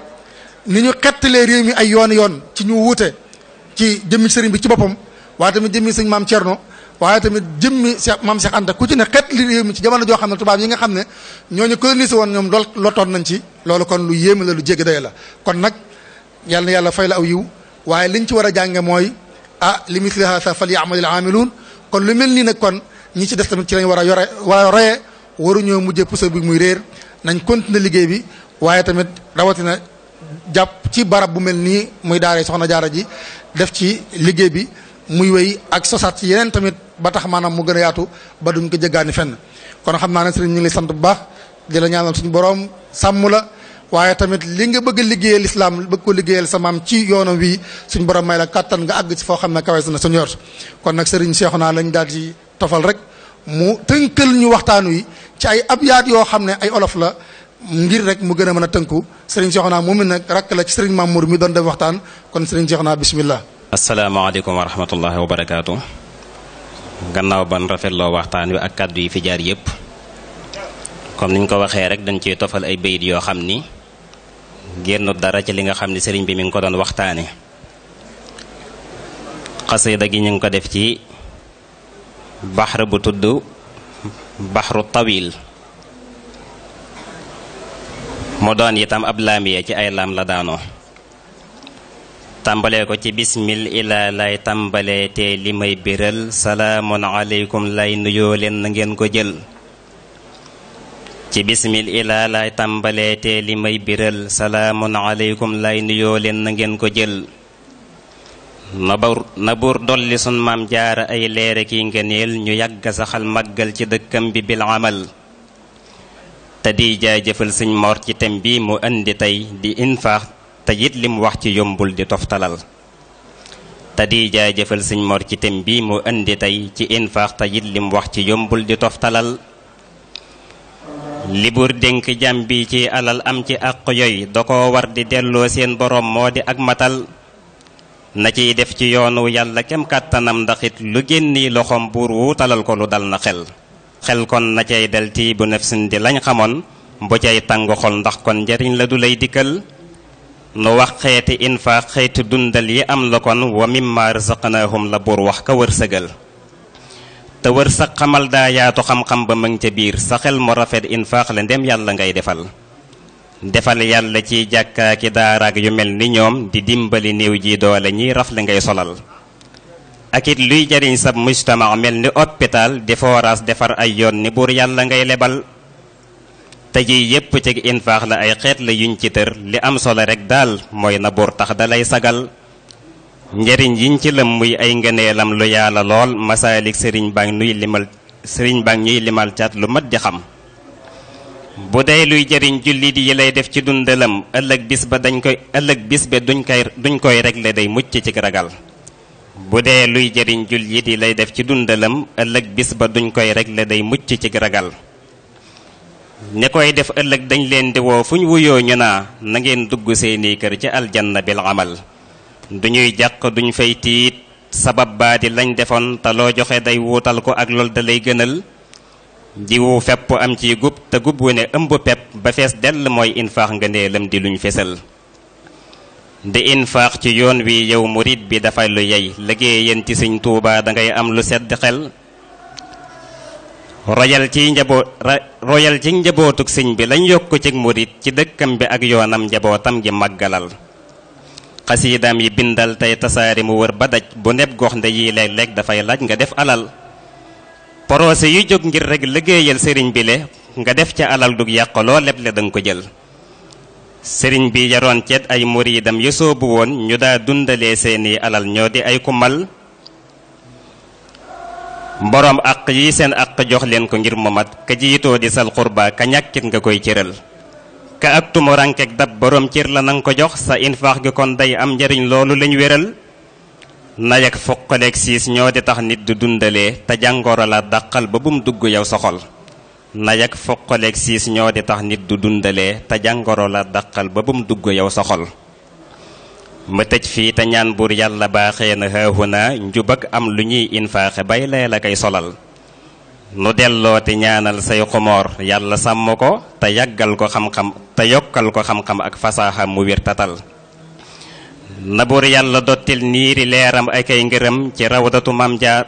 ni ñu xettalee réew mi ay yoon yoon ci ñu wuute. ci jëmmi sëriñ bi ci boppam waaye tamit jëmmi sëñ maam Thierno waaye tamit jëmmi Cheikh maam Cheikh Anta ku ci ne xeet li réew mi ci jamono joo xam ne tubaab yi nga xam ne ñooñu colonisé woon ñoom lool lottoon nañ ci loolu kon lu yéeme la lu jéggi day la kon nag yàlla na yàlla fay la aw yiw waaye liñ ci war a jànge mooy ah li misli haasa fal yaamalil aamiluun kon lu mel nii nag kon ñi ci des tamit ci lañ war a yore war a royee waruñoo mujjee puso bi muy réer nañ continuer liggéey bi waaye tamit rawatina jàpp ci barab bu mel nii muy daaree soxna jaara ji def ci liggéey bi muy wéy ak sosaat ci yeneen tamit ba tax maanaam mu gën a yaatu ba duñ ko jéggaani fenn kon xam naa ne sëriñ ñu ngi sant bu baax di la suñu borom sàmm la waaye tamit li nga bëgg a liggéeyal islam bëgg ko liggéeyal ci yoonam wii suñu borom may la kàttan nga àgg ci foo xam ne kawe na suñu yor kon nag sëriñ Seexuna lañ daal di tofal rek mu tënkal ñu waxtaan wi ci ay abyaat yoo xam ne ay olof la ngir rek mu gën a mën a tënku sëriñ Cheikhouna moom mi nag rakk la ci sëriñ Mamour mi doon def waxtaan kon sëriñ Cheikhouna bisimilah. asalaamaaleykum wa rahmatullahi wa barakaatu. gannaaw ban rafetloo waxtaan wi ak kàddu yi fi jaar yépp comme niñ ko waxee rek dañ cee tofal ay bayit yoo xam ni génn dara ci li nga xam ni sëriñ bi mi ngi ko doon waxtaane xasida gi ñu ngi ko def ci baxar bu tudd baxru tawil mu doon itam ab laamiye ci ay laam la daanoo tàmbalee ko ci bismil ilaa lay tàmbalee te li may biral salaamun aleykum lay nuyoo leen na ngeen ko jël ci bismil ilaa lay tàmbalee te li may biral salaamun aleykum lay nuyoo leen na ngeen ko jël na buur dolli sun maam jaara ay leere ki ngëneel ñu yàgg saxal màggal ci dëkkam bi bil amal te di jaajëfal sëñ Mor ci thème bi mu indi tey di infaax te it lim wax ci yombul di toftalal te di jaajëfal sëñ Mor ci thème bi mu indi tey ci infaax te it wax ci yombul di toftalal li buur dénk jàm bi ci alal am ci àq yooyu da ko war di delloo seen boroom moo di ak matal na ciy def ci yoonu yàlla kem kàttanam ndax lu génni loxoom buur wuutalal talal ko lu dal na xel xel kon na cay dell ti bu nefsin di lañ xamoon bu cay tàng xol ndax kon njariñ la du lay dikkal nu wax xeeti infaaq xeeti dundal yi am la kon wa mimma razaqnaahum la buur wax ka wërsëgal te wërsëg xamal daa yaatu xam-xam ba mëng ca biir sa xel mu rafet infaax la ndem yàlla ngay defal defal yàlla ci jàkkaaki daaraak yu mel ni ñoom di dimbali néew ji doole ñiy raf li ngay solal ak it luy jariñ sab mujtama mel ni hôpital di forage defar ay yoon ni buur yàlla ngay lebal te ji yépp ci infaax la ay xeet la yuñ ci tër li am solo rek daal mooy na buur tax dalay sagal njariñ yiñ ci lëm muy ay ngëneelam lu yàlla lool masaalik sëriñ baa nuy limal sëriñ baa ñuy limal caat lu mat di xam bu dee luy jariñ jullit yi lay def ci dundalam ëllëg bis ba dañ koy ëllëg bis ba duñ koy duñ koy régler day mucc ci ragal bu dee luy jariñ jullit yi lay def ci dundalam ëllëg bis ba duñ koy rek la day mucc ci ragal ñi koy def ëllëg dañ leen di woo fu ñu wuyoo ñu naa na ngeen dugg seeni kër ci aljana bil amal duñuy jàq duñ fay tiit sabab baa di lañ defoon te loo joxe day wuutal ko ak lool da gënal jiwu fepp am ci gub te gub wu ne ëmb pepp ba fees dell mooy infaax nga nee di luñ fesal di infaq ci yoon wii yow murid bi dafa lu yey liggéeyeen ci sëñ Tuubaa dangay am lu sedd xel royal ci njaboot royal ci njabootug sëñ bi lañ yokk ci murid ci dëkkam bi ak yoonam njabootam gi màggalal xasiidaam yi bindal tey tasaari mu wër ba daj bu neb gox nde yi léeg-léeg dafay laaj nga def alal porosé yu jóg ngir rek liggéeyal sëriñ bi le nga def ca alal dug yàqaloo leble danga ko jël sëriñ bi yaroon ceet ay muriidam yu soobu woon ñu daa dundalee seeni alal ñoo di ay kumal mboroom àq yi seen àq jox leen ko ngir mu mat ka jiitoo di sal xurba ka nga koy cëral ka ak tumurankeek dab boroom cër la nanga ko jox sa infaax gi kon day am njariñ loolu lañu wéral nayak fuqaleeg siis ñoo di tax nit du dundale te jàngooro la dàqal ba bum dugg yow soxol nayak foqaleeg siis ñoo di tax nit du dundale te jàngoro la daqal ba bum dugg yow sa xol ma tëj fii te ñaan buur yàlla baaxee na xaahu naa njubag am lu ñuy infaaxe bay lee la koy solal nu delloo te ñaanal say xumoor yàlla sàmm ko te yàggal ko xam-xam te yokkal ko xam-xam ak fasaaxa mu wir tatal na buur yàlla dottil niiri leeram ak ay ngërëm ci rawdatu mam jaar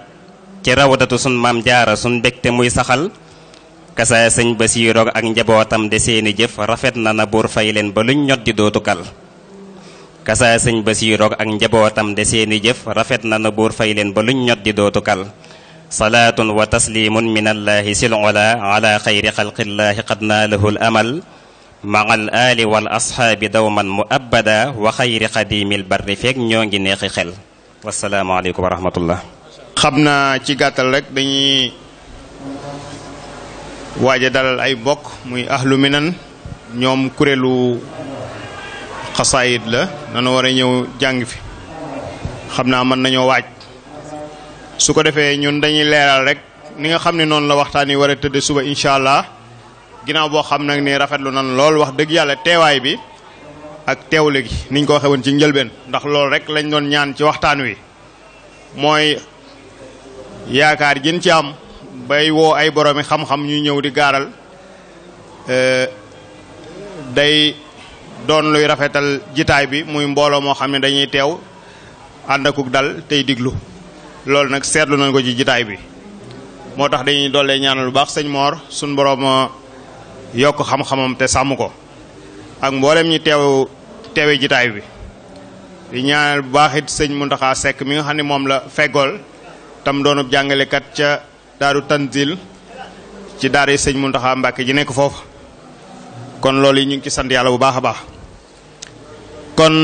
sun mam jaara muy saxal kasaay sëñ Basiiroog ak njabootam de seeni jëf rafet na na buur fay leen ba luñ ñoddi dootu kal kasaay sëñ Basiiroog ak njabootam de seeni jëf rafet na na buur fay leen ba luñ ñoddi dootu kal salaatun wa taslimun min allaahi sil ola ala xayri xalqillaahi qad naalahul amal maal aali wal asxaabi dawman mu abada wa xayri xadimil barri feeg ñoo ngi neexi xel wasalaamualeykum wa rahmatullah xam naa ci gàttal rek waaja dalal ay mbokk muy ahlu minan ñoom kuréelu xasaayit la nanu war a ñëw jàng fi xam naa mën nañoo waaj su ko defee ñun dañuy leeral rek ni nga xam ne noonu la waxtaan yi war a tëdd suba incha allah ginnaaw boo xam nag ni rafetlu nan lool wax dëgg yàlla teewaay bi ak teewle gi niñ ko waxee woon ci njëlbeen ndax loolu rek lañ doon ñaan ci waxtaan wi mooy yaakaar jën ci am bay woo ay boroomi xam-xam ñuy ñëw di gaaral eh, day doon luy rafetal jitaay bi muy mbooloo moo xam ne dañuy teew ànd akuk dal tey diglu loolu nag seetlu nañ ko ci jitaay bi moo tax dañuy doole ñaanal lu baax sëñ moor suñ boroom yokk xam-xamam te sàmm ko ak mboolem ñi teew teewe jitaay bi di ñaanal bu baax it sëñ Muntaxa Sekk mi nga xam ne moom la fegool tam doonub jàngalekat ca daaru tanzil ci daara sëñ Muntaxa Mbàkke ji nekk foofu kon loolu yi ñu ngi ci sant yàlla bu baax a baax kon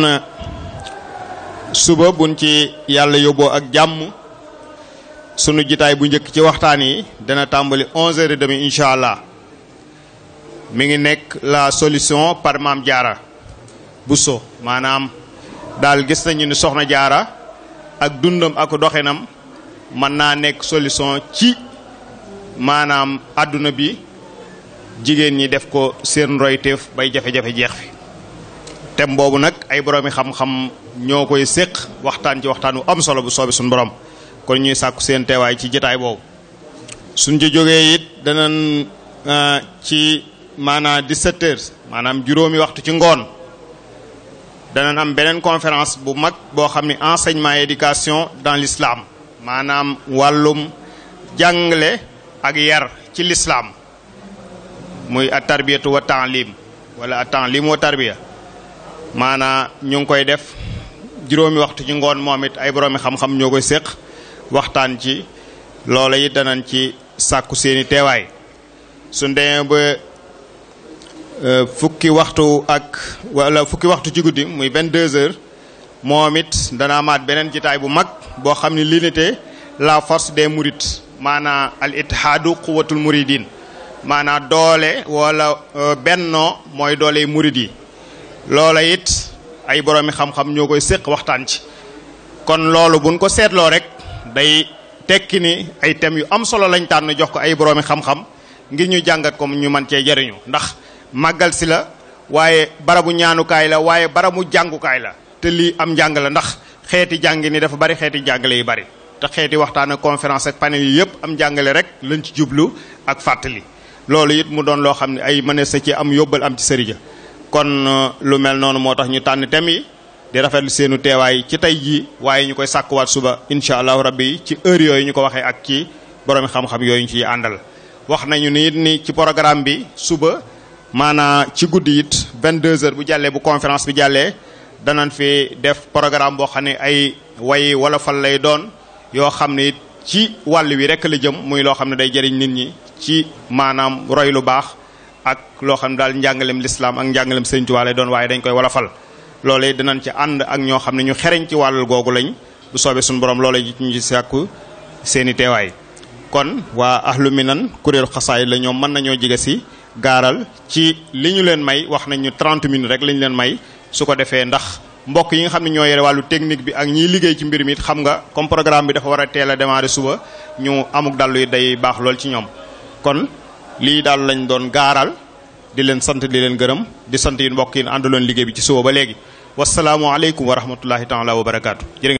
suba buñ ci yàlla yóbboo ak jàmm sunu jitaay bu njëkk ci waxtaan yi dana tàmbali onze heures et demie allah mu ngi nekk la solution par Maam Jaara Buso maanaam daal gis nañu ni soxna jaara ak dundam ak doxinam mën naa nekk solution ci maanaam àdduna bi jigéen ñi def ko seen royteef bay jafe-jafe jeex fi tem boobu nag ay boroomi xam-xam ñoo koy séq waxtaan ci waxtaan wu am solo bu soobi suñu borom kon ñuy sàkku seen teewaay ci jataay boobu suñ ci jógee it danañ euh, ci maanaam di heures maanaam juróomi waxtu ci ngoon danañ am beneen conférence bu mag boo xam ni enseignement éducation dans l'islam maanaam wàllum jàngale ak yar ci lislaam muy at tarbiyatu wa liim wala at taalim wa tarbiya maanaa ñu ngi koy def juróomi waxtu ci ngoon moom it ay boroomi xam-xam ñoo koy séq waxtaan ci loola it danañ ci sàkku seeni teewaay su demee ba euh, fukki waxtu ak wala fukki waxtu ci guddi muy 22 heures moom it dana amaat beneen jitaay bu mag boo xam ne l'unité la force des mourides maanaa al ittihaadu quwatul muridin maanaa doole wala euh, bennoo mooy doole murid yi loola it ay boroomi xam-xam ñoo koy séq waxtaan ci kon loolu buñ ko seetloo rek day tekki ni ay thèmes yu am solo lañ tànn jox ko ay boroomi xam-xam ngir ñu jàngat ko ñu man cee jariñu ndax màggal si la waaye barabu ñaanukaay la waaye barabu jàngukaay la te lii am njàng la ndax xeeti jàng ni dafa bari xeeti jàngale yi bari te xeeti waxtaan ak conférence ak panel yi yëpp am jàngale rek lañ ci jublu ak fàttali loolu it mu doon loo xam ne ay mënees ci am yóbbal am ci sëriñ kon euh, lu mel noonu moo tax ñu tànn thème yi di rafetlu seenu teewaay ci tey jii waaye ñu koy sàkkuwaat suba incha allahu rabbi ci heure yooyu ñu ko waxee ak ci borom xam-xam yooyu ñu ciy àndal. wax nañu ni ni ci programme bi suba maanaa ci guddi it 22h bu jàllee bu conférence bi jàllee danañ fi def programme boo xam ne ay way wala fal lay doon. yoo xam ne it ci wàll wi rek la jëm muy loo xam ne day jëriñ nit ñi ci maanaam roy lu baax ak loo xam ne daal njàngalem lislaam ak njàngalem Sëriñ Tuubaa doon waaye dañ koy wolofal loolee dinañ ci ànd ak ñoo xam ne ñu xereñ ci wàll googu lañ lu soobee suñu borom loolee ji ñu sàkku seeni teewaay kon waa ahlu nan kuréelu xasaay la mën nañoo jige si gaaral ci li ñu leen may wax nañ ñu 30 minutes rek lañ leen may su ko defee ndax mbokk yi nga xam ne ñoo yore wàllu technique bi ak ñiy liggéey ci mbir mi it xam nga comme programme bi dafa war a teel a démarrer suba ñu amuk dallu yi day baax lool ci ñoom kon lii daal lañ doon gaaral di leen sant di leen gërëm di sant yi mbokk yi àndaloon liggéey bi ci suba ba léegi wasalaamualeykum wa rahmatullahi taala wa barakaatu.